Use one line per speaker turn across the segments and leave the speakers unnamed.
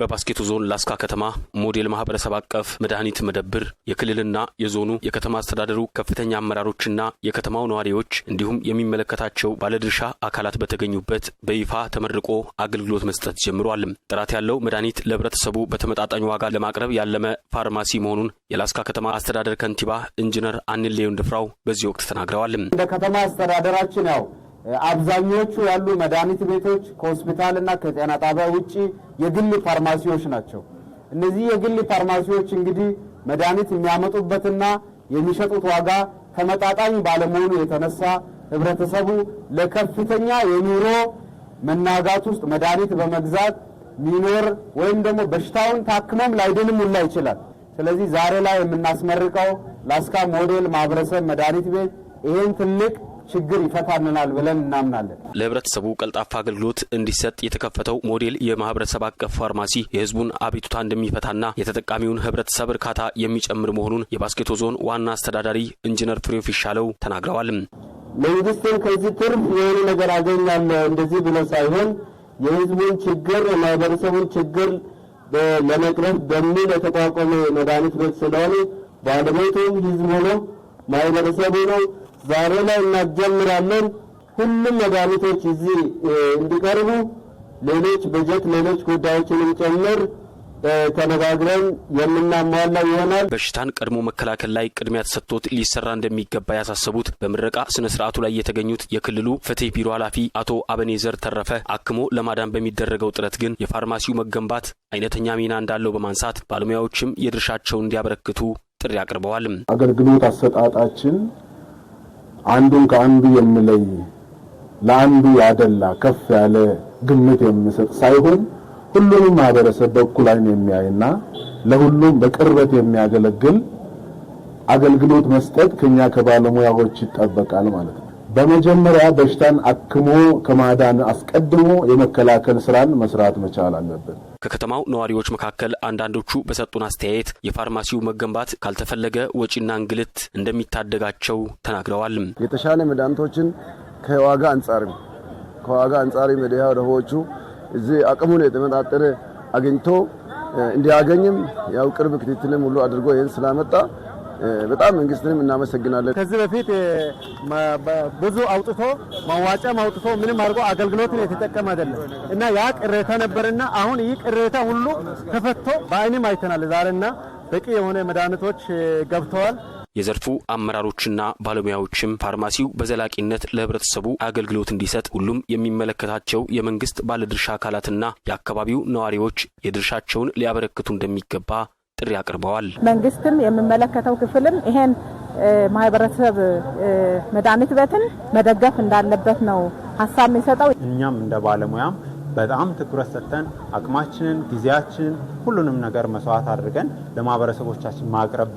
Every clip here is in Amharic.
በባስኬቶ ዞን ላስካ ከተማ ሞዴል ማህበረሰብ አቀፍ መድኃኒት መደብር የክልልና የዞኑ የከተማ አስተዳደሩ ከፍተኛ አመራሮችና የከተማው ነዋሪዎች እንዲሁም የሚመለከታቸው ባለድርሻ አካላት በተገኙበት በይፋ ተመርቆ አገልግሎት መስጠት ጀምሯል። ጥራት ያለው መድኃኒት ለህብረተሰቡ በተመጣጣኝ ዋጋ ለማቅረብ ያለመ ፋርማሲ መሆኑን የላስካ ከተማ አስተዳደር ከንቲባ ኢንጂነር አንሌው እንድፍራው በዚህ ወቅት ተናግረዋል።
እንደ ከተማ አስተዳደራችን ያው አብዛኞቹ ያሉ መድኃኒት ቤቶች ከሆስፒታል እና ከጤና ጣቢያ ውጪ የግል ፋርማሲዎች ናቸው። እነዚህ የግል ፋርማሲዎች እንግዲህ መድኃኒት የሚያመጡበትና የሚሸጡት ዋጋ ተመጣጣኝ ባለመሆኑ የተነሳ ህብረተሰቡ ለከፍተኛ የኑሮ መናጋት ውስጥ መድኃኒት በመግዛት ሚኖር ወይም ደግሞ በሽታውን ታክመም ላይድንም ሁላ ይችላል። ስለዚህ ዛሬ ላይ የምናስመርቀው ላስካ ሞዴል ማህበረሰብ መድኃኒት ቤት ይሄን ትልቅ ችግር ይፈታንናል ብለን እናምናለን።
ለህብረተሰቡ ቀልጣፋ አገልግሎት እንዲሰጥ የተከፈተው ሞዴል የማህበረሰብ አቀፍ ፋርማሲ የህዝቡን አቤቱታ እንደሚፈታና የተጠቃሚውን ህብረተሰብ እርካታ የሚጨምር መሆኑን የባስኬቶ ዞን ዋና አስተዳዳሪ ኢንጂነር ፍሬው ፊሻለው ተናግረዋል።
መንግስትን ከዚህ ትርፍ የሆኑ ነገር አገኛለሁ እንደዚህ ብሎ ሳይሆን የህዝቡን ችግር የማህበረሰቡን ችግር ለመቅረፍ በሚል የተቋቋመ መድኃኒት ቤት ስለሆነ ባለቤቱም ህዝቡ ማህበረሰቡ ነው። ዛሬ ላይ እናጀምራለን። ሁሉም መድኃኒቶች እዚህ እንዲቀርቡ ሌሎች በጀት ሌሎች ጉዳዮችንም ጨምር ተነጋግረን የምናሟላ ይሆናል።
በሽታን ቀድሞ መከላከል ላይ ቅድሚያ ተሰጥቶት ሊሰራ እንደሚገባ ያሳሰቡት በምረቃ ስነ ስርዓቱ ላይ የተገኙት የክልሉ ፍትህ ቢሮ ኃላፊ አቶ አበኔዘር ተረፈ አክሞ ለማዳን በሚደረገው ጥረት ግን የፋርማሲው መገንባት አይነተኛ ሚና እንዳለው በማንሳት ባለሙያዎችም የድርሻቸውን እንዲያበረክቱ ጥሪ አቅርበዋል።
አገልግሎት አሰጣጣችን አንዱን ከአንዱ የሚለይ ለአንዱ ያደላ ከፍ ያለ ግምት የሚሰጥ ሳይሆን ሁሉንም ማህበረሰብ በእኩል ዓይን የሚያይና ለሁሉም በቅርበት የሚያገለግል አገልግሎት መስጠት ከኛ ከባለሙያዎች ይጠበቃል ማለት ነው። በመጀመሪያ በሽታን አክሞ ከማዳን አስቀድሞ የመከላከል ስራን መስራት መቻል አለብን።
ከከተማው ነዋሪዎች መካከል አንዳንዶቹ በሰጡን አስተያየት የፋርማሲው መገንባት ካልተፈለገ ወጪና እንግልት እንደሚታደጋቸው ተናግረዋል።
የተሻለ መድኃኒቶችን ከዋጋ አንጻርም ከዋጋ አንጻርም የደሃ ደሆቹ እዚህ አቅሙን የተመጣጠረ አግኝቶ እንዲያገኝም ያው ቅርብ ክትትልም ሁሉ አድርጎ ይህን ስላመጣ በጣም መንግስትንም እናመሰግናለን።
ከዚህ በፊት ብዙ አውጥቶ ማዋጫም አውጥቶ ምንም አድርጎ አገልግሎትን የተጠቀመ አይደለም እና ያ ቅሬታ ነበርና አሁን ይህ ቅሬታ ሁሉ ተፈቶ በአይንም አይተናል ዛሬና በቂ የሆነ መድኃኒቶች ገብተዋል።
የዘርፉ አመራሮችና ባለሙያዎችም ፋርማሲው በዘላቂነት ለህብረተሰቡ አገልግሎት እንዲሰጥ ሁሉም የሚመለከታቸው የመንግስት ባለድርሻ አካላትና የአካባቢው ነዋሪዎች የድርሻቸውን ሊያበረክቱ እንደሚገባ ጥሪ አቅርበዋል።
መንግስትም የሚመለከተው ክፍልም ይሄን ማህበረሰብ መድኃኒት ቤትን መደገፍ እንዳለበት ነው ሀሳብ የሚሰጠው።
እኛም እንደ ባለሙያም በጣም ትኩረት ሰጥተን አቅማችንን፣ ጊዜያችንን፣ ሁሉንም ነገር መስዋዕት አድርገን ለማህበረሰቦቻችን ማቅረብ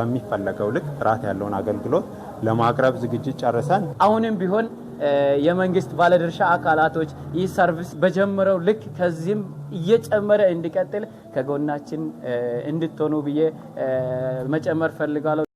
በሚፈለገው ልክ ጥራት ያለውን አገልግሎት ለማቅረብ ዝግጅት ጨርሰን
አሁንም ቢሆን የመንግስት ባለድርሻ አካላቶች ይህ ሰርቪስ በጀመረው ልክ ከዚህም እየጨመረ እንዲቀጥል ከጎናችን እንድትሆኑ ብዬ መጨመር ፈልጋለሁ።